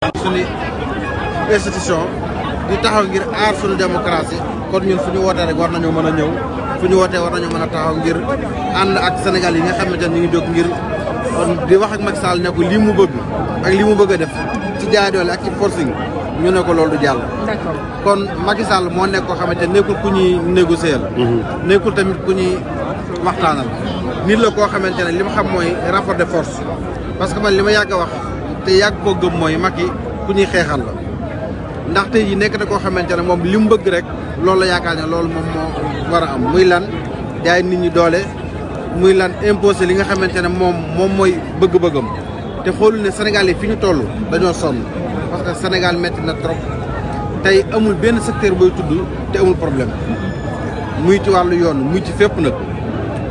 suñu institution di taxaw ngir aar suñu démocratie kon ñun suñu ñu wootee rek war nañoo mën a ñëw fu ñu wootee war nañoo mën a taxaw ngir ànd ak Sénégal yi nga xamante ne ñu ngi jóg ngir di wax ak Macky Sall lii mu bëgg ak lii mu bëgg a def ci jaay doole ak ci forcing ñu ne ko loolu du jàll. kon Macky Sall moo nekk koo xamante nekkul ku ñuy négocier la. Mhm. nekkul tamit ku ñuy waxtaanal. nit la koo xamante ne lima xam mooy rapport de force parce que man li ma yàgg wax. te yàgg koo gëm mooy yi ku ñuy xeexal la ndax tey jii nekk na koo xamante ne moom li mu bëgg rek loolu la yaakaar ne loolu moom moo war a am muy lan jaay nit ñi doole muy lan imposé li nga xamante ne moom moom mooy bëgg-bëggam te xoolul ne Sénégal yi fi ñu toll dañoo sonn parce que Sénégal métti na trop tey amul benn secteur booy tudd te amul problème muy ci wàllu yoon muy ci fépp nag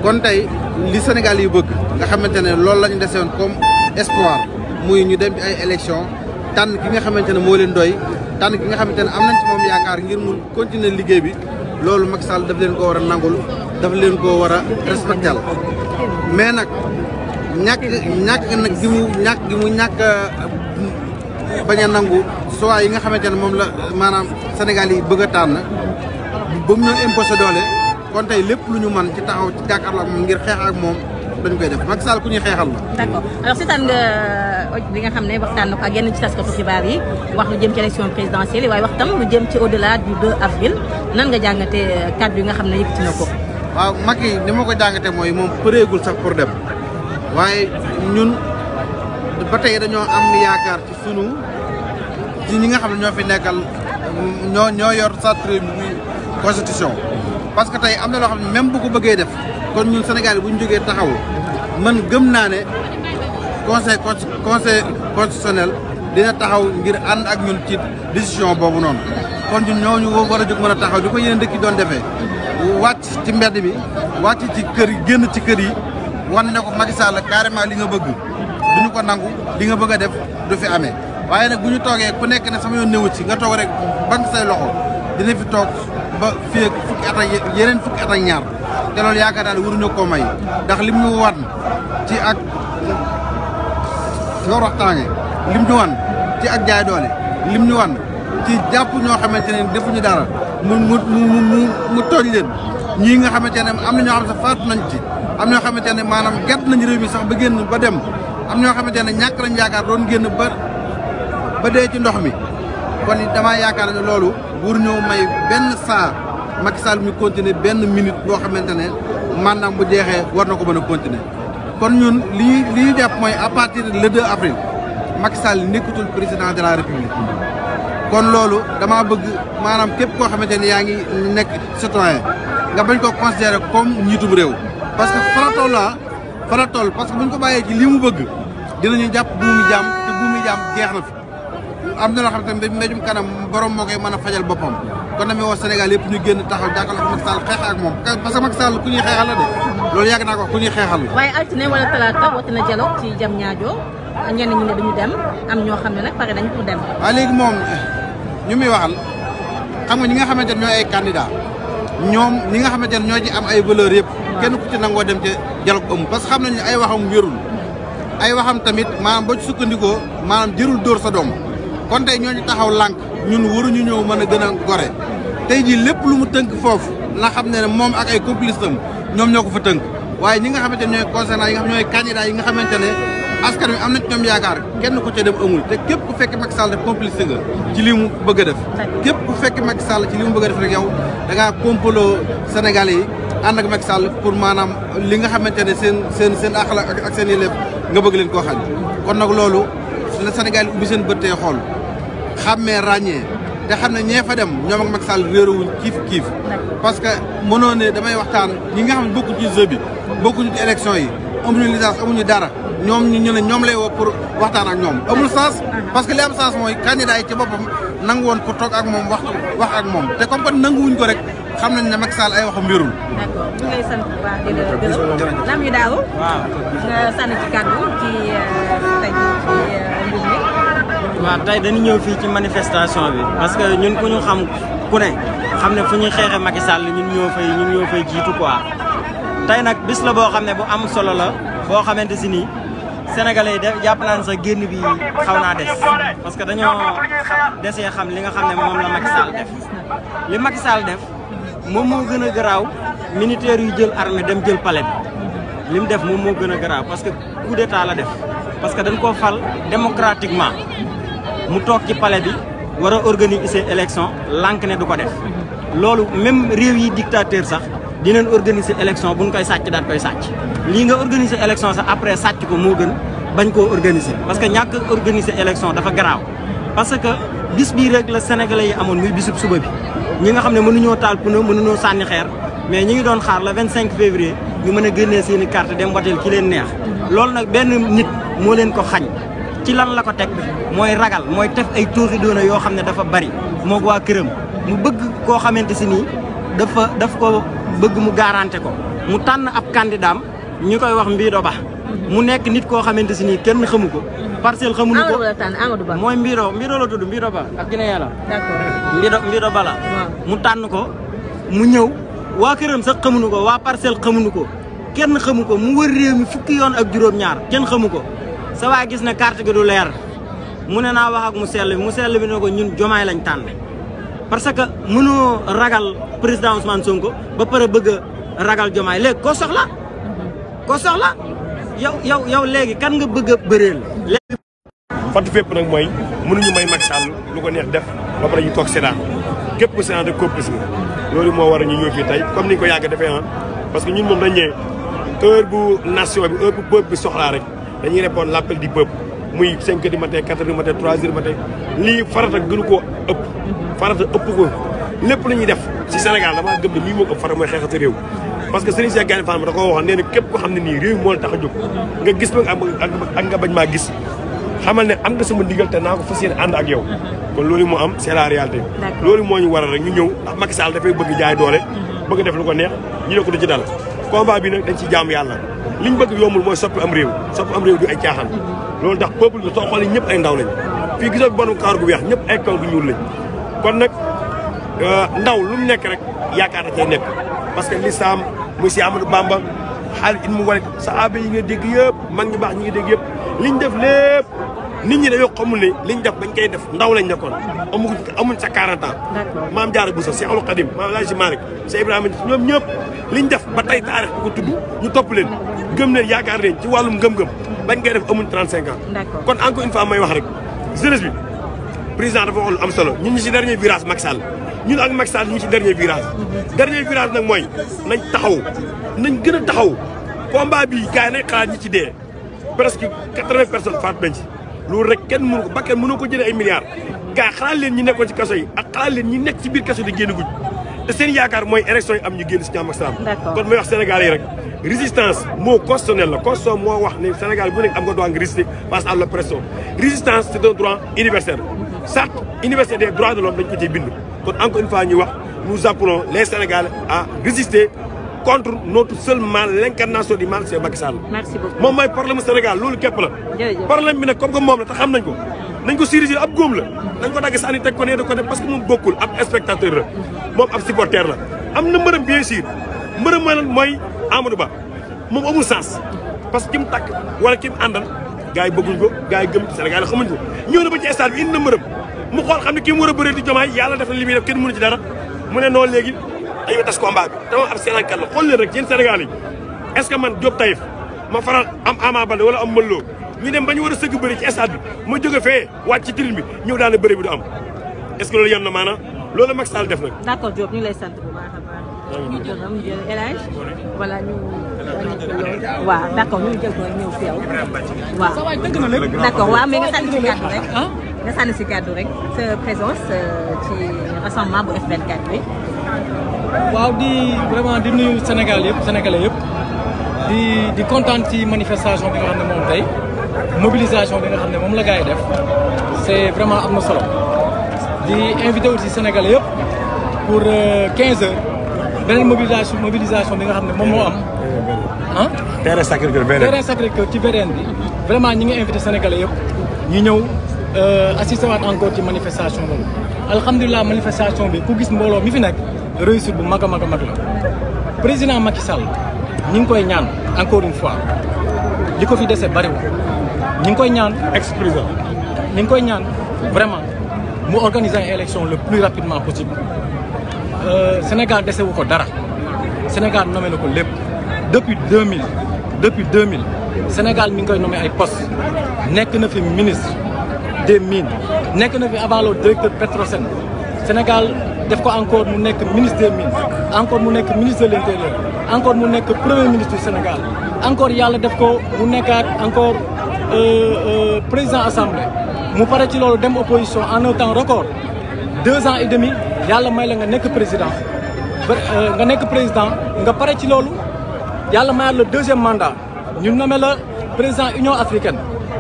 kon tey li Sénégal yi bëgg nga xamante ne loolu la ñu desewoon comme espoir muy ñu dem ci ay élection tànn ki nga xamante ne moo leen doy tànn ki nga xamante ne am nañ ci moom yaakaar ngir mu continuer liggéey bi loolu mag Sall daf leen ko war a nangul daf leen ko war a respecté mais nag ñàkk ñàkk nag gi mu ñàkk mu ñàkk mm, bañ a nangu choix yi nga xamante ne moom la maanaam Sénégal yi bëgg a tànn ba mu ñoo imposé doole kon tey lépp lu ñu mën ci taxaw ci jàkkaarloo ak moom ngir xeex ak moom dañ koy def Macky Sall ku ñuy xeexal la. d' accord alors seetaan nga euh, li nga xam ne waxtaan na ko ak yenn ci taskatu xibaar yi wax lu jëm ci élection présidentielle waaye wax tam lu jëm ci au delà du 2 avril nan nga jàngate euh, kàddu bi nga xam ne yëkkati na ko. waaw Macky ni ma ko jàngatee mooy moom përeegul sax pour dem waaye ñun ba tey dañoo am yaakaar ci sunu ci nga xam ne ñoo fi nekkal ñoo ñoo yor satri constitution. parce que tey am na loo xam même bu ko bëggee def kon ñun Sénégal bu ñu jógee taxawu man gëm naa ne conseil conseil constitutionnel dina taxaw ngir ànd ak ñun ci décision boobu noonu. kon ñun ñooñu war a jóg mën a taxaw di ko yeneen dëkk yi doon defee wàcc ci mbedd bi wàcc ci kër yi génn ci kër yi wan ne ko Macky Sall carrément li nga bëgg bu ñu ko nangu li nga bëgg a def du fi amee waaye nag bu ñu toogee ku nekk ne sama yoon néewu ci nga toog rek ban say loxo dina at ak yeneen fukki at ak ñaar te loolu yaakaar naa ne waruñu koo may ndax lim ñu wan ci ak yor waxtaange lim wan ci ak jaay doole lim ñu wan ci jàpp ñoo xamante ne defuñu dara mu mu mu mu mu tooñ leen ñii nga xamante ne am na ñoo xam sax faatu nañ ci am ñoo xamante ne maanaam gert nañ réew mi sax ba génn ba dem am ñoo xamante ne ñàkk lañ yaakaar doon génn ba ba dee ci ndox mi kon damaa yaakaar ne loolu waruñoo may benn saa Macky Sall mi continuer benn minute boo xamante ne maanaam bu jeexee war na ko mën a continuer kon ñun li ñuy li ñuy jàpp mooy à partir le 2 avril Macky Sall nekkatul président de la république kon loolu dama bëgg maanaam képp koo xamante ne yaa ngi nekk citoyen nga bañ koo considérer comme njiitum réew parce que faratool la ah, faratool parce que bu ñu ko bàyyee ci lii mu bëgg ñu jàpp buumu jàmm te buumu jàmm jeex na fi am na loo xam tamit mbéjum kanam borom moo koy mën a fajal boppam kon damay woo Sénégal yëpp ñu génn taxaw jàkkaarloo ak Macky Sall xeex ak moom parce que Macky Sall ku ñuy xeexal la de loolu yàgg naa ko ku ñuy xeexal la. waaye altine wala talaata woote na dialogue ci jam ñaajo ñenn ñi am ñoo ñu muy waxal xam nga ñi nga xamante ne ñooy ay candidat ñoom ñi nga xamante ne ñoo ci am ay valeur yëpp kenn ku ci nangoo dem ca dialogue amul parce que xam nañu ay waxam wérul ay waxam tamit maanaam boo ci sukkandikoo maanaam jërul dóor sa doom kon tey ñooñu taxaw lànk ñun ñu ñëw mën a gën a gore tey jii lépp lu mu tënk foofu na xam ne ne moom ak ay complice ñoom ñoo ko fa tënk waaye ñi nga xamante ne ñooy concernant yi nga xam ñooy candidat yi nga xamante ne askan wi am na ci ñoom yaakaar kenn ku ca dem amul te képp ku fekk Macky Sall def complice nga ci lii mu bëgg a def képp ku fekk Macky Sall ci li mu bëgg a def rek yow da ngaa complot Sénégalais yi ànd ak Macky Sall pour maanaam li nga xamante ne seen seen seen àq ak seen yelleef nga bëgg leen koo xañ kon nag loolu la Sénégal yi ubbi seen bët xool xàmmee ràññee te xam ne ñee fa dem ñoom ak Macky Sall réerawuñ kiif kiif parce que mënoo ne damay waxtaan ñi nga xam ne bokku ci jeu bi bokkuñu ci yi amuñu licence amuñu dara ñoom ñu ñu ne ñoom lay wo pour waxtaan ak ñoom amul sens parce que li am sens mooy candidat yi ci boppam nangu woon ko toog ak moom wax wax ak moom te comme que wuñ ko rek xam nañ ne Macky Sall ay waxam wérul. d'accord ñu lay la waa tey dañu ñëw fii ci manifestation bi parce que ñun ku ñu xam ku ne xam ne fu ñuy xeexee Macky Sall ñun ñoo fay ñun ñoo fay jiitu quoi. tey nag bis la boo xam ne bu am solo la boo xamante si nii sénégalais yi jàpp naan sa génn bi xaw naa des parce que dañoo desee xam li nga xam ne moom la Macky Sall def li Macky Sall def moom moo gën a garaaw militaires yu jël armée dem jël pale bi li mu def moom moo gën a garaaw parce que coup d'état la def parce que dañ koo fal démocratiquement mu toog ci pale bi war a organiser élection lànk ne du ko def loolu même réew yi dictateur sax dinañ organiser élection bu ñu koy sàcc daal koy sàcc lii nga organiser élection sax après sàcc ko moo gën bañ koo organiser parce que ñàkk organiser élection dafa garaaw parce que bis bii rek la sénégalais yi amoon muy bisub suba bi ñi nga xam ne mënuñoo taal pneu mënuñoo sànni xeer mais ñu ngi doon xaar la 25 février ñu mën a gën seen i carte dem wateel ki leen neex loolu nag benn nit moo leen ko xañ ci lan la ko teg mooy ragal mooy def ay tuuri doona yoo xam ne dafa bari moog waa këram mu bëgg koo xamante si nii dafa daf ko bëgg mu garanté ko mu tànn ab candidaam ñu koy wax Mbido Ba mu nekk nit koo xamante si nii kenn xamu ko parcelle xamuñu ko mooy Mbido Mbido la tudd Mbido Ba ak Guinée la Mbido Mbido Ba la mu tànn ko mu ñëw waa këram sax xamuñu ko waa parcelle xamuñu ko kenn xamu ko mu wër réew fukki yoon ak juróom ñaar kenn xamu ko sa waay gis na kart gi du leer mu ne naa wax ak mu sell bi mu sell bi ko ñun jomaay lañ tànn parce que mënoo ragal président Ousmane Sonko ba par bëgg a ragal jomaay léegi koo soxla koo soxla yow yow léegi kan nga bëgg a bëreel léegi fatu fépp nag mooy mënuñu may Macky Sall lu ko neex def ba pare ñu toog sédan képp ku sédan rek complice nga loolu moo war ñu ñëw fii tey comme ni ñu ko yàgg defee ah parce que ñun moom dañ ñee heure bu nation bi heure bu peuple bi soxlaa rek dañuy répondre l'appel du peuple muy 5 heures du matin 4 heures du matin 3 heures du lii farata gënu koo ëpp. farata ëpp ko lépp lu ñuy def si Sénégal damaa gëm ne lii moo ëpp farata mooy xeexatu réew. parce que Serigne Cheikh koo waxoon nee na ne nii réew moo la tax a jóg nga gis ma nga bañ maa gis. xamal ne am nga sama ndigal te naa ko fas yéene ànd ak yow kon loolu moo am c'est la loolu moo ñu waral rek ñu ñëw ndax Macky Sall dafay bëgg jaay doole mhm. bëgg def lu ko neex ñu ne du ci dal combat bi nag dañ ci jaam yàlla liñ bëgg yombul mooy soppi am réew soppi am réew du ay caaxaan loolu ndax peuple bi soo xoolee ñëpp ay ndaw lañ fii gisoo bonu kaar gu weex ñëpp ay kaw gu ñuul lañ kon nag euh, ndaw lu mu nekk rek yaakaar na cay nekk parce que lislaam muy si Amadou Bamba xaalis it mu walit sahaaba yi nga dégg yëpp mag ñi baax ñi nga dégg yëpp liñ def lépp nit ñi dañoo xamul li ñu def bañ koy def ndaw lañ nekkoon amuñ amuñ sa 40 ans maam bu Bousso si Al Khadim maam Laaji Malick Cheikh Ibrahima ñoom ñëpp liñ def ba tey taarix bu ko tudd ñu topp leen gëm leen yaakaar ci wàllum ngëm-ngëm bañ koy def amuñ 35 ans kon encore une fois may wax rek jeunesse bi président dafa wax lu am solo ñu ñu si dernier virage Macky Sall ñu ak Macky Sall ñu ngi si dernier virage mhm. dernier virage nag mooy nañ taxaw nañ gën a taxaw combat bi gars yi nañ xalaat ci dee presque 80 personnes faatu nañ ci loolu rek kenn mënu ko ba kenn mënoo ko jëlee ay milliards gaa xalaat leen ñi nekkoon ci kaso yi xalaat leen ñi nekk ci biir kaso di génn guñ te seen yaakaar mooy élection yi am ñu génn si jàmm ak salaam kon may wax Sénégal yi rek résistance mot constitutionnel la constitution moo wax ne Sénégal bu nekk am nga droit nga résister face à l'oppression résistance c'est un droit universel charte universelle des droits de l'homme dañ ko ciy bind kon encore une fois ñuy wax nous appelons les Sénégalais à contre notre seulement l'incarnation du mal c'est Macky Sall. merci beaucoup moom mooy problème Sénégal loolu képp la. problème bi nag comme que moom la te xam nañ ko. nañ ko sériser ab góom la. nañ ko dagg sa ani teg ko nee da ko def parce que moom bokkul ab spectateur la. moom ab supporter la. am na mbërëm bien sûr mbërëm mooy lan mooy Amadou Ba moom amul sens parce que ki mu takk wala ki mu àndal gars yi bëgguñ ko gars yi gëm Sénégal xamuñ ko ñëw na ba ci stade bi indi na mbërëm mu xool xam ne kii mu a yàlla def na li muy def dara mu ne léegi dañoo tas combat bi dama ab Sénégal la xool leen rek yéen Sénégal yi est ce que man Diop Taïf ma faral am Ama Baldé wala am Modou Lô ñu dem ba ñu war a sëgg bëri ci stade bi ma jóge fee wàcc ci tribune bi ñëw daane bëri bi du am est ce loolu yem na maanaam loolu Macky Sall def nag. d' accord ñu lay sant bu baax a baax. ñu nga sànni si kàddu rek nga sànni si kàddu rek sa présence euh, ci rassemblement bu F24 bi waaw di vraiment di nuyu Sénégal yëpp sénégalais yëpp di di kontaan ci manifestation bi nga xam ne moom tey mobilisation bi nga xam ne moom la gars def c'est vraiment am na solo di invité aussi sénégal yëpp pour euh, quinze heures beneen mobilisation mobilisation bi nga xam ne moom moo am ah. terrain Sacré-Cœur beneen terrain sacré ci beneen bi vraiment ñi ngi invité sénégalais yëpp ñu ñëw euh, assister waat encore ci manifestation boobu alhamdulilah manifestation bi ku gis mbooloo mi fi nekk. réussite bu mag a mag a la président Macky Sall ñi ngi koy ñaan encore une fois li ko fi dese bariwul ñi ngi koy ñaan. ex président ngi koy ñaan vraiment mu organiser ay élection le plus rapidement possible euh, Sénégal dese wu ko dara Sénégal nommé na ko lépp depuis 2000 depuis 2000 Sénégal mi ngi koy nommé ay poste nekk na fi ministre des mines nekk na fi avant le directeur Petrosen Sénégal. def ko encore mu nekk ministre des mines encore mu nekk ministre de l'intérieur encore mu nekk premier ministre du Sénégal encore yàlla def ko mu nekkaat encore euh, euh, président assemblée mu pare ci loolu dem opposition en un temps record deux ans et demi yàlla may la nga nekk président euh, nga nekk président nga pare ci loolu yàlla mayaat la deuxième mandat ñu nommé la président Union africaine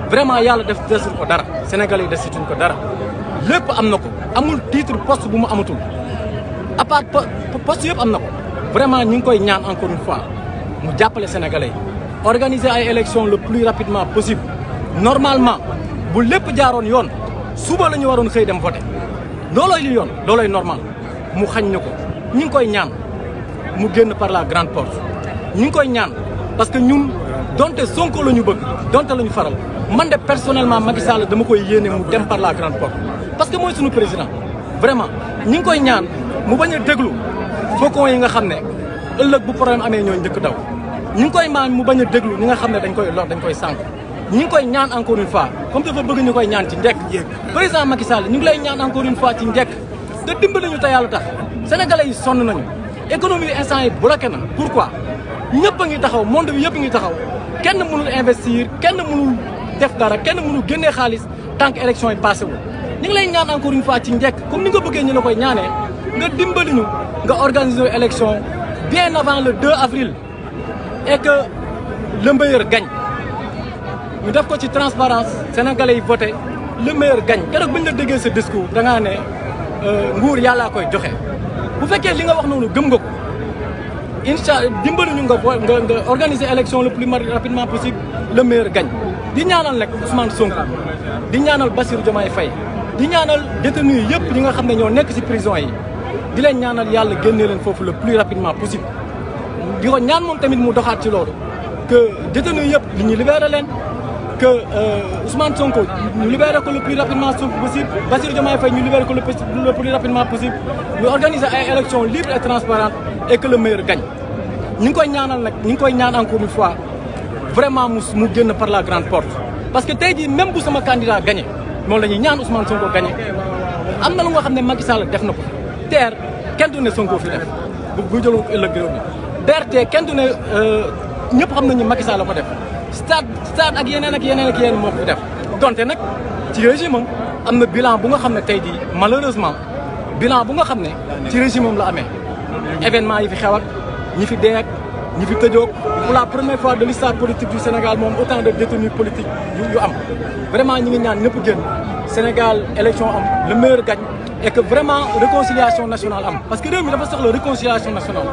vraiment yàlla def desul ko dara Sénégal yi desituñ ko dara lépp am na ko amul titre post bu mu amatul à part poste yëpp am na ko vraiment ñu ngi koy ñaan encore une fois mu jàppale sénégalais yi organiser ay élections le plus rapidement possible normalement bu lépp jaaroon yoon suba la ñu waroon xëy dem voter loolooy li yoon loolooy normal mu xañ ñu ko ñu ngi koy ñaan mu génn par la grande porte ñu ngi koy ñaan parce que ñun donte Sonko la ñu bëgg donte la ñu faral man de personnellement Macky Sall dama koy yéene mu dem par grande porte parce que mooy suñu président vraiment ñi ngi koy ñaan mu bañ a déglu faucons yi nga xam ne ëllëg bu problème amee ñoo njëkk daw ñi ngi koy maan mu bañ a déglu ñi nga xam ne dañ koy lor dañ koy sànq ñi ngi koy ñaan encore une fois comme dafa bëgg ñu koy ñaan ci njekk président Macky Sall ñu ngi lay ñaan encore une fois ci njekk te dimbali ñu te yàlla tax sénégalais yi sonn nañu économie bi instant yi bloqué na pourquoi ñëpp a ngi taxaw moom bi yëpp ngi taxaw kenn mënul investir kenn mënul def dara kenn mënul génnee xaalis tant que élection passé wu ñu ngi lay ñaan encore une fois ci njëkk kom ni nga bëggee ñu la koy ñaanee nga dimbali ñu nga organiser élection bien avant le 2 avril et que le gañ gagne def ko ci transparence sénégalais yi voté le gañ gagne bañ bu ñu la déggee sa da ngaa ne euh, nguur yàllaa koy joxe bu fekkee li nga wax noonu gëm nga ko incha dimbali ñu nga nga nga organiser élection le plus rapidement possible le meilleur gagne di ñaanal nag Ousmane Sonko di ñaanal Bassirou Diomaye Faye di ñaanal détenu yi yëpp ñi nga xam ne ñoo nekk ci prison yi di leen ñaanal yàlla génnee leen foofu le plus rapidement possible di ko ñaan moom tamit mu doxaat ci loolu que détenu yëpp li ñu libéré leen que euh, Ousmane Sonko ñu libéré ko le plus rapidement possible Bassirou Diomaye Faye ñu libéré ko le plus rapidement possible ñu organiser ay élections libres et transparentes et que le meilleur ngi koy ñaanal nag ñu ngi koy ñaan encore une fois vraiment mu mu génn par la grande porte parce que tey jii même bu sama candidat gagné moom la ñaan Ousmane Sonko gagné am na lu nga xam ne Macky Sall def na ko TER kenn du ne Sonko fi def bu bu jëloon ko ëllëg réew mi euh, ñëpp xam nañu Macky Sall la ko def stade stade ak yeneen ak yeneen ak yeneen moo ko def donte nag ci régime am na bilan bu nga xam ne tey jii maleureusement bilan bu nga xam ne ci régime am la amee événement yi fi xew ñi fi dee ñi fi tëjoog pour la première fois de l'histoire politique du Sénégal moom autant de détenus politiques yu am vraiment ñi ngi ñaan ñëpp génn Sénégal élection am le meilleur gagne et que vraiment réconciliation nationale am parce que réew mi dafa soxla réconciliation nationale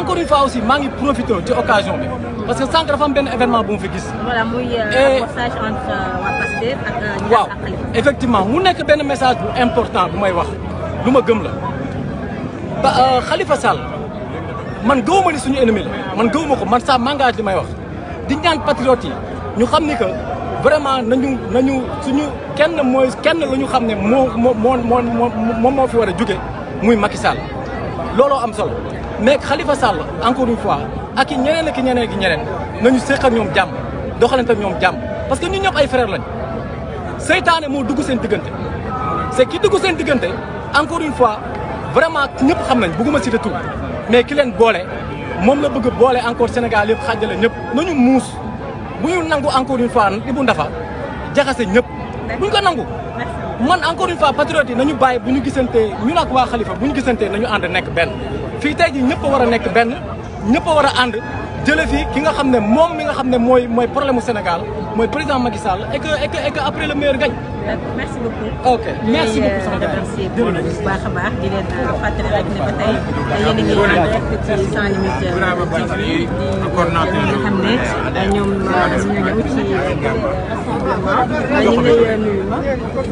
encore une fois aussi maa ngi profité ci occasion bi parce que sànq dafa am benn événement bu mu fi gis. voilà euh, euh, euh, waaw effectivement mu nekk benn message bu important bu may wax lu ma gëm la Khalifa Sall. man gëw ma suñu ennemi la man gëw ma ko man ça m'engage li may wax di ñaan patriotes yi ñu xam ni que vraiment nañu nañu suñu kenn mooy kenn la ñu xam ne moo moo moo moo moom moo fi war a jóge muy Macky Sall looloo am solo mais xalifa Sall encore une fois ak i ñeneen ak i ñeneen ak i ñeneen nañu séq ak ñoom jàmm doxalante ak ñoom jàmm parce que ñu ñëpp ay frère lañ seytaane moo dugg seen diggante c'est ki dugg seen diggante encore une fois vraiment ñëpp xam nañ bugguma citer tur mais ki leen boole moom la bëgg boole encore Sénégal yëpp xàjjale ñëpp nañu muus bu ñu nangu encore une fois li bu ndafa jaxase ñëpp bu ñu ko nangu man encore une fois patriote nañu bàyyi bu ñu gisantee ñu nag waa xalifa bu ñu gisantee nañu ànd nekk benn fii tey ji ñëpp a war a nekk benn ñëpp a war a ànd jële fi ki nga xam ne moom mi nga xam ne mooy mooy problème mu Sénégal mooy président Macky Sall et que et que et que après le meilleur gagne. ok merci beaucoup sama di a baax di leen fàttali rek ne a ngi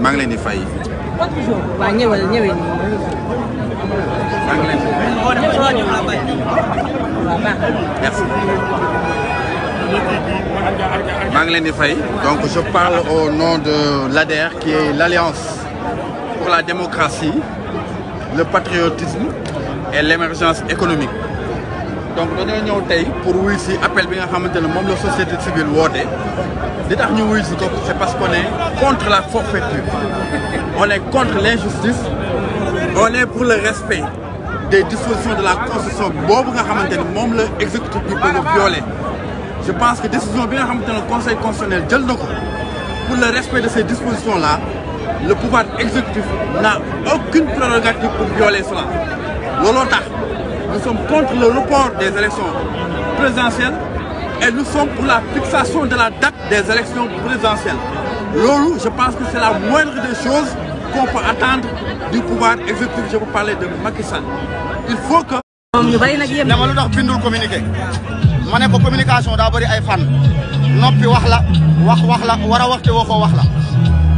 maa ngi leen di fay. maa ngi leen di fay donc je parle au nom de l'ADER qui est l'Alliance pour la démocratie le patriotisme et l'émergence économique donc dañoo ñëw tey pour wuy si appel bi nga xamante ne moom la société civile woote li tax ñu wuy si ko c'est parce qu'on ne contre la forfaiture on est contre l'injustice on est pour le respect des dispositions de la constitution boobu nga xamante ne moom la exécutif bi bëgg a violer je pense que décision bi nga xamante ne conseil constitutionnel jël na ko pour le respect de ces dispositions là le pouvoir exécutif n'a aucune prérogative pour violer cela looloo nous sommes contre le report des élections présidentielles et nous sommes pour la fixation de la date des élections présidentielles. Loolu, je pense que c'est la moindre des choses qu'on peut attendre du pouvoir exécutif. Je vous parlais de Macky Sall. Il faut que. ñu bari nag lu tax bindul communiqué ma ne ko communication daa bëri ay fan noppi wax la wax wax la war a waxte waxoo wax la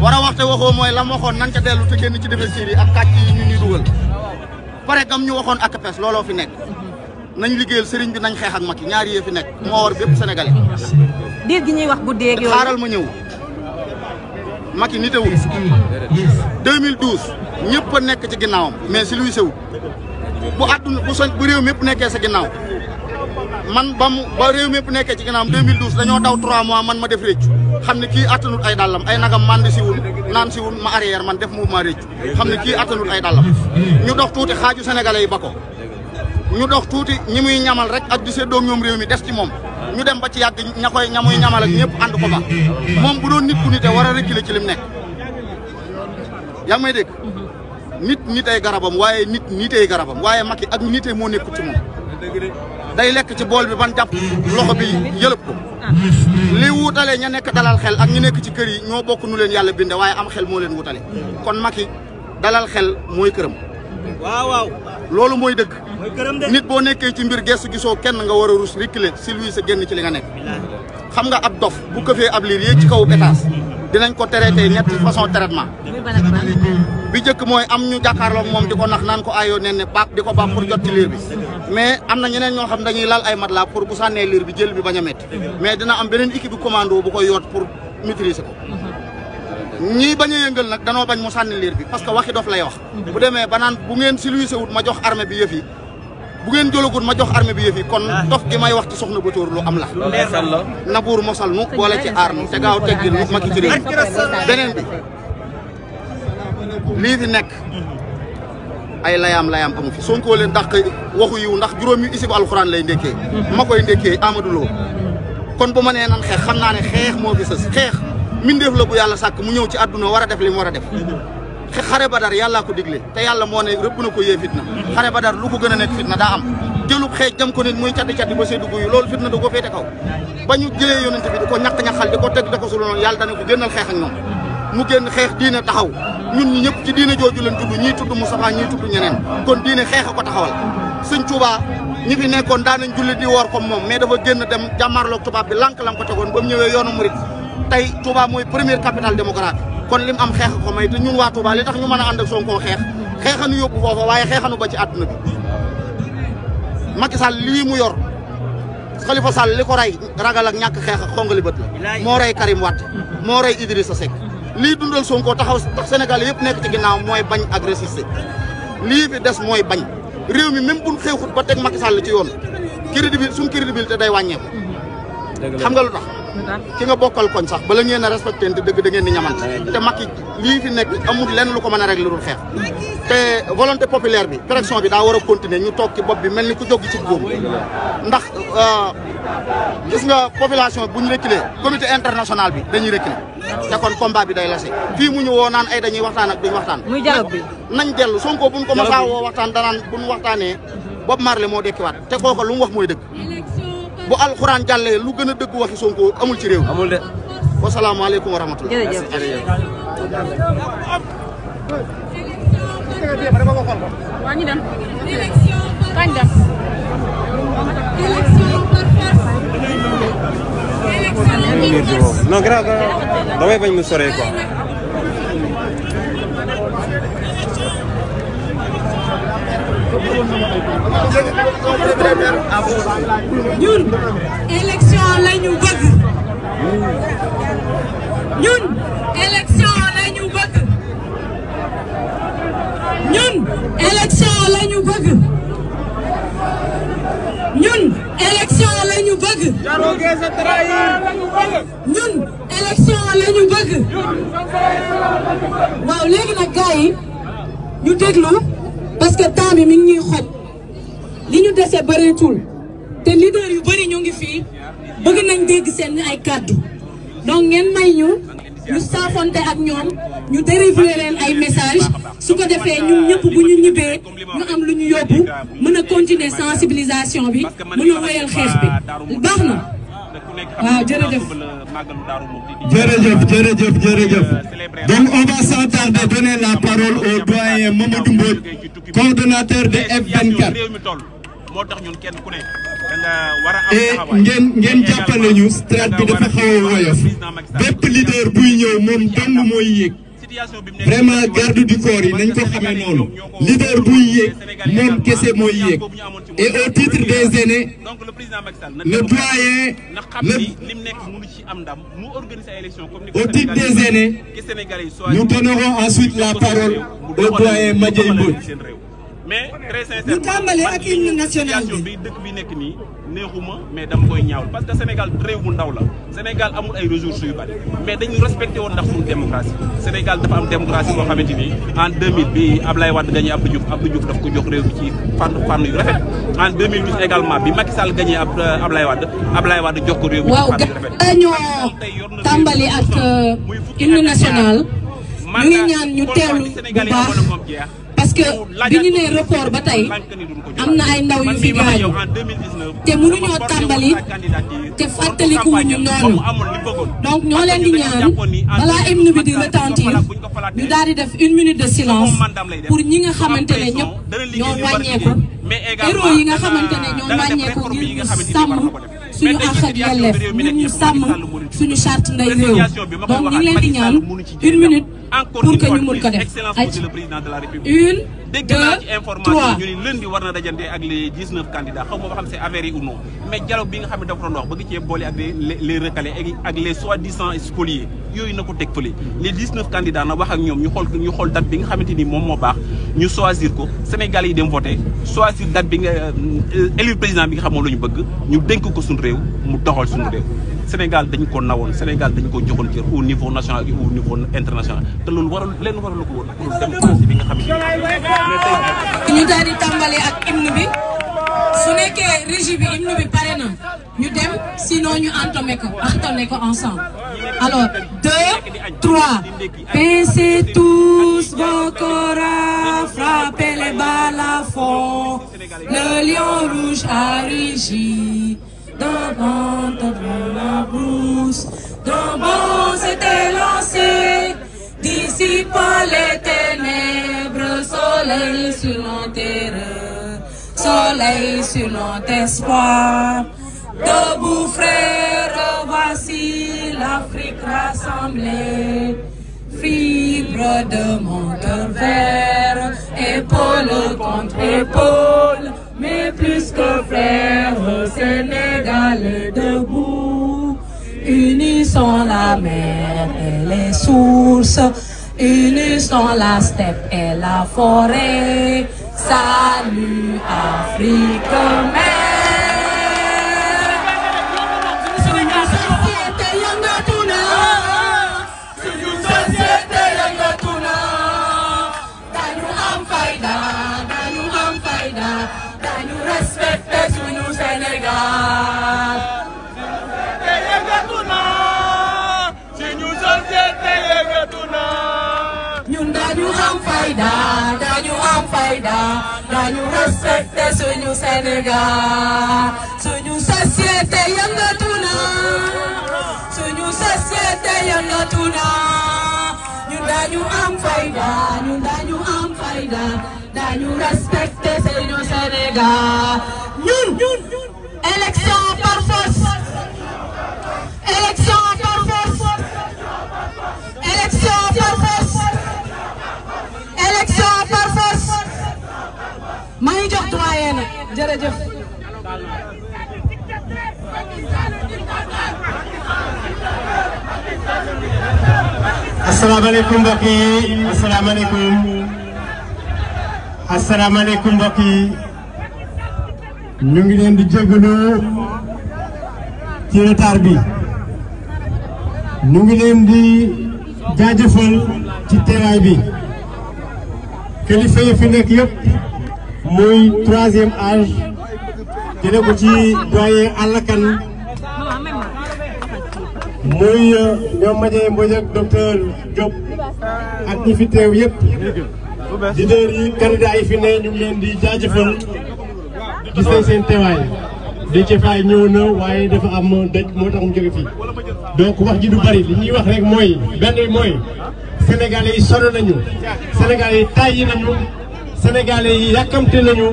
war a waxte waxoo mooy la ma waxoon nan ca dellu te génn ci divertir yi ak kàcc yi ñu pare gam ñu waxoon ak APES looloo fi nekk. nañ liggéeyal sëriñ bi nañ xeex ak Macky ñaar yee fi nekk moo war bépp sénégalais. diir gi ñuy wax bu dégg yooyu xaaral ma ñëw. Macky nite wul. 2012 ñëpp a nekk ci ginnaawam mais si luy sewul. bu àdduna bu soñ bu réew mépp nekkee sa ginnaaw man ba mu ba réew mépp nekkee ci ginnaawam dañoo daw 3 mois man ma def réccu xam ne kii attanul ay dàllam ay nagam màndi siwul naan siwul ma arrière man def mouvement réccu xam ne kii attanul ay dàllam ñu dox tuuti xaaju sénégalais yi ba ko ñu dox tuuti ñi muy ñamal rek ak di seddoo ñoom réew mi des ci moom ñu dem ba ci yàgg ña koy ña muy ñamal ak ñëpp ànd ko ba moom bu doon nit ku nite war a reculer ci nit nitay garabam waaye nit nitay garabam waaye Macky ak nitay moo nekkul ci moom day lekk ci bool bi ban jàpp loxo bi yëlëb ko li wutale ña nekk dalal xel ak ñu nekk ci kër yi ñoo bokk nu leen yàlla binde waaye am xel mooleen leen wutale kon Macky dalal xel mooy këram waaw loolu mooy dëgg nit boo nekkee ci mbir gestu gisoo kenn nga war a rus rikkile si lui sa génn ci li nga nekk xam nga ab dof bu këfee ab liir yéeg ci kaw étage dinañ ko traité ñetti façon traitement bi jëkk mooy am ñu jàkkaarloog moom di ko nax naan ko aayoo nen ne baak di ko baax pour jot ci bi mais am na ñeneen ñoo xam dañuy laal ay matelas pour bu sànnee liir bi jël bi bañ a dina am beneen équipe commando bu koy yoot pour maîtriser ko ñii bañ a yëngal nag danoo bañ mu sànni liir bi parce que waxi dof lay wax bu demee ba naan bu ngeen siluise wut ma jox armée bi yëf yi bu ma jox armée bi yëf yi kon dof gi may wax ci soxna Bator lu am la nabuur mosal nu boole ci aar nu te gaaw teggil lii di nekk ay layaam layaam amu fi Sonko leen ndax waxu yiw ndax juróomi isib alxuraan lay ndekkee mhm. ma koy ndekkee Amadou kon bu ma nee nan xeex xam naa ne xeex moo fi sës xeex mindeef la bu yàlla sàkk mu ñëw ci àdduna war a def li mu war a def mhm. xare badar yàllaa ko digle te yàlla moo ne rëbb na ko yee fitna mhm. xare badar lu ko gën a nekk fitna daa am jëlub xeej jam ko nit muy caddi caddi ba seedu guyu loolu fitna na ko féete kaw ba ñu jëlee yonente bi di ko ñaq ñaqal di ko teg da ko su loolu yàlla dana ko génnal xeex ak ñoom mu génn xeex diine taxaw ñun ñi ñëpp ci diine jooju leen tudd ñii tudd Moustapha ñii tudd ñeneen kon diine xeex ko taxawal sëñ Touba ñi fi nekkoon daan nañ julli di woor comme moom mais dafa génn dem jàmmaarloog tubaab bi lank lan ko tegoon ba mu ñëwee yoonu murit tey Touba mooy première capitale démocrate kon lim am xeex ko may te ñun waa Touba li tax ñu mën a ànd ak Sonko xeex xeexanu yóbbu foofa waaye xeexanu ba ci àdduna bi Macky lii mu yor Khalifa Sall li ko rey ragal ak ñàkk xeex ak xongali bët la moo rey Karim Wade moo rey Idrissa lii dundal Sonko taxaw tax Sénégal yëpp nekk ci ginnaaw mooy bañ ak résister lii fi des mooy bañ réew mi même buñ xew xut ba teg Macky Sall ci yoon crédibilité suñ crédibilité day wàññeeku xam nga lu tax ki nga bokkal koñ sax bala ngeen a respecté te dëgg da ngeen di ñamante te Macky lii fi nekk amul lenn lu ko mën a régler lu xeex te volonté populaire bi pression bi daa war a continuer ñu toog ci bopp bi mel ni ku jóg ci góom ndax euh, gis nga population bu ñu reculé comité international bi dañuy reculé te kon combat bi day lase fii mu ñu woo naan ay dañuy waxtaan ak duñ waxtaan muy dialogue bi nañ dellu Sonko buñ ko masa woo waxtaan danaan buñ waxtaanee Bob Marley moo dekkiwaat te kooku lu wax mooy dëgg bu alxuraan jàllee lu gën a dëgg waxi Sonko amul ci réew mi. amul de. wasalaamaaleykum wa rahmatulah. jërëjëf ñun élection la ñu bëgg ñun élection la ñu bëgg ñun élection la ñu bëgg ñun élection la ñu bëgg ñun élection la ñu bëgg waaw léegi nag gars yi déglu parce que temps bi mi ngi ñuy xoj li ñu dese bëreetul te leader yu bëri ñu ngi fii bëgg nañ dégg seen ay kàddu donc ngeen may ñu ñu saafonte ak ñoom ñu dérivé leen ay message su ko defee ñun ñëpp bu ñu ñibbee ñu am lu ñu yóbbu mën a continuer sensibilisation bi mën a wéyal xeex bi baax na. waaw ah, jërëjëf jërëjëf jërëjëf euh, jërëjëf donc on va sans tarder donner la parole au doyen Mamadou Mbodj coordonnateur de F24 et ngeen ngeen jàppale ñu strat bi dafa xaw a woyof bépp leader buy ñëw moom dong mooy yéeg. vraiment garde du corps yi nañ ko xamee noonu leader buy yéeg moom kese mooy yéeg et au titre des aînés le doyen le au titre des aînés nous donnerons ensuite la parole au doyen Madiaye Mbodj mais très sincèrement ñu tàmbalee ak hymne national bi dëkk bi nekk nii neexuma mais dama koy ñaawul parce que Sénégal réew mu ndaw la Sénégal amul ay ressources yu bari mais dañu respecté woon ndax suñu démocratie Sénégal dafa am démocratie boo xamante ni en 2000 bi Ablaye Wade gagné Abdou Diouf Abdou Diouf daf ko jox réew bi ci fànn fànn yu rafet en 2012 également bi Macky Sall gagné ab euh, Ablaye Wade Ablaye Wade jox ko réew bi ci fànn yu rafet waaw dañoo tàmbali ak euh, hymne national ñu ngi ñaan ñu teewlu parce bi ñu nee report ba tey am na ay ndaw yu fi gaañu te mënuñoo tàmbali te fàttalikuwuñu noonu donc ñoo leen di ñaan balaa hymne bi di retentir ñu daal di def une minute de silence pour ñi nga xamante ne ñëpp ñoo wàññeeku héros yi nga xamante ñoo wàññeeku sàmm. suñu àq ak yelleef ñu sàmm suñu charte nday réew donc ñu leen di ñaan une minute pour que ñu mun ko def ac une deux trois ñu ni lundi war na dajante ak les dix-neuf candidats xaw ma ba xam c'est avéré ou non mais dialogue bi nga xam ne dafa doon wax bëgg cee boole ak les les recalés ak les soi-disant spoliés yooyu na ko teg fële les dix neuf candidats na wax ak ñoom ñu xool ñu xool date bi nga xamante ni moom moo baax ñu choisir ko Sénégal yi dem voté choisir date bi nga euh, élu président bi nga xam moom ñu bëgg ñu denk ko suñu réew mu doxal suñu réew Sénégal dañ ko nawoon Sénégal dañ ko joxoon cër ou niveau national et au niveau international te loolu waral leen waral la ko woon pour démocratie bi nga xamante ni ñu daal di tàmbali ak hymne bi su nekkee régie bi hymne bi pare na Alors, deux, trois. Pincez tous vos corps, les balafons. Le lion rouge a rugi devant, devant la brousse. Drombon s'était lancé, les ténèbres, soleil sur l'enterreur, soleil sur l'entespoir. Debout frères, voici l'Afrique rassemblée, fibre de mon cœur vert, contre épaule, mais plus que frère, Sénégal debout, unissons la mer et les sources, unissons la steppe et la forêt, salut Afrique, dañu am fayda dañu am fayda dañu respecté suñu Sénégal suñu société yëngatu na suñu société yëngatu na ñun dañu am fayda ñun dañu am fayda dañu respecté suñu Sénégal ñun ñun maa ngi jox doyen nag jërëjëf. asalaamaaleykum mbokk yi asalaamaaleykum asalaamaaleykum mbokk yi ñu ngi leen di jégalu ci retard bi ñu ngi leen di jaajëfal ci teeraay bi kilifa yi nekk yëpp. muy troisième âge jële ko ci doyen àllakan muy euh, ñoom Madiaye Mbodj ak docteur Diop ak ñi fi teew yëpp leader yi candidat yi fi ne ñu ngi leen di jaajëfal gis nañ seen teewaay Déthié ñëw na waaye dafa am dëj moo tax mu jóge fii donc wax ji du bari li ñuy wax rek mooy benn mooy sénégalais yi sonn nañu sénégalais yi tàyyi nañu sénégalais yi yàkkamte nañu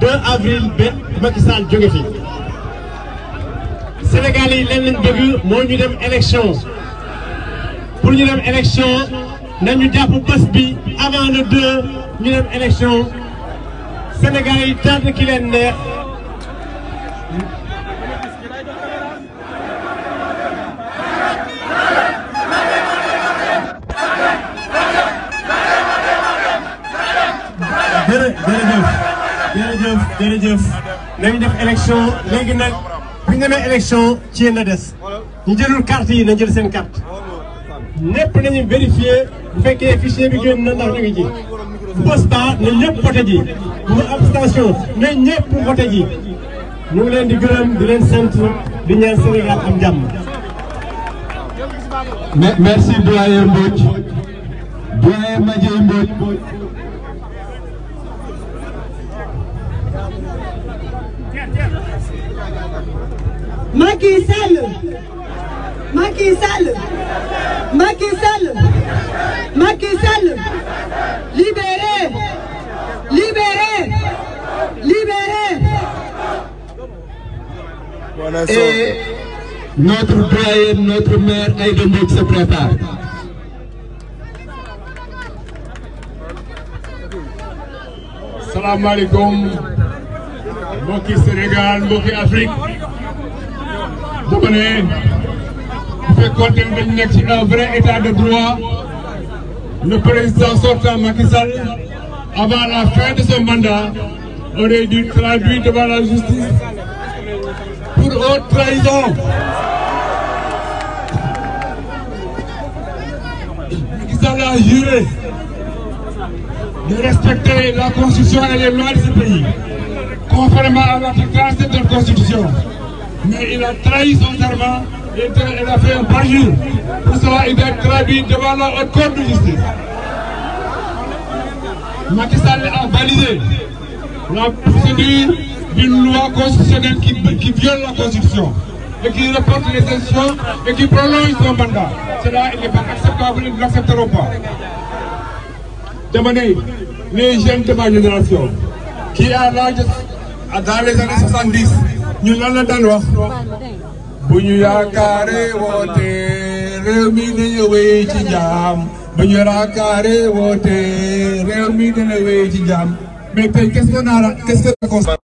2 avril ba Macky Sall jóge fi sénégalais yi leen lañ dégg moo ñu dem élection pour ñu dem élection nañu jàpp bés bi avant le 2 ñu dem élection sénégalais yi tànn ki leen neex jërëjëf jërëjëf jërëjëf nañu def élection léegi nag bi ñu demee élection ci yéen a des ñu jëlul carte yi na jël seen carte ñëpp nañu vérifier bu fekkee fi bi génn na ndax ñu ngi ji bu bës baax na ñëpp voté ji bu abstention na ñëpp voté ji ñu ngi leen di gërëm di leen sant di ñaan Sénégal am jàmm. merci doyen Mbodj doyen Madiaye Macky Sall Macky Sall Macky Sall Macky Sall libéré libéré libéré. Et notre doyen, notre maire Aïda Mbodj se dama ne bu fekkoon ne état de droit le président sortant Macky avant la fin de son mandat aurait dû traduire devant la justice pour haute trahison. Macky a juré de respecter la constitution et les lois de à l'article de la constitution. mais il a trahi son serment et il a fait un parjure. Pour cela, il doit être devant la haute de justice. Macky a validé la procédure d'une loi constitutionnelle qui, qui viole la Constitution et qui reporte les institutions et qui prolonge son mandat. Cela n'est pas acceptable et nous ne l'accepterons pas. les jeunes de ma génération qui a l'âge dans les années soixante dix ñun la daan wax bu ñu yaakaare woote réew mi dina wéy ci jaam bu ñu yaakaare woote réew mi dina wéy ci jaam mais tey qu'est-ce qu'on a quest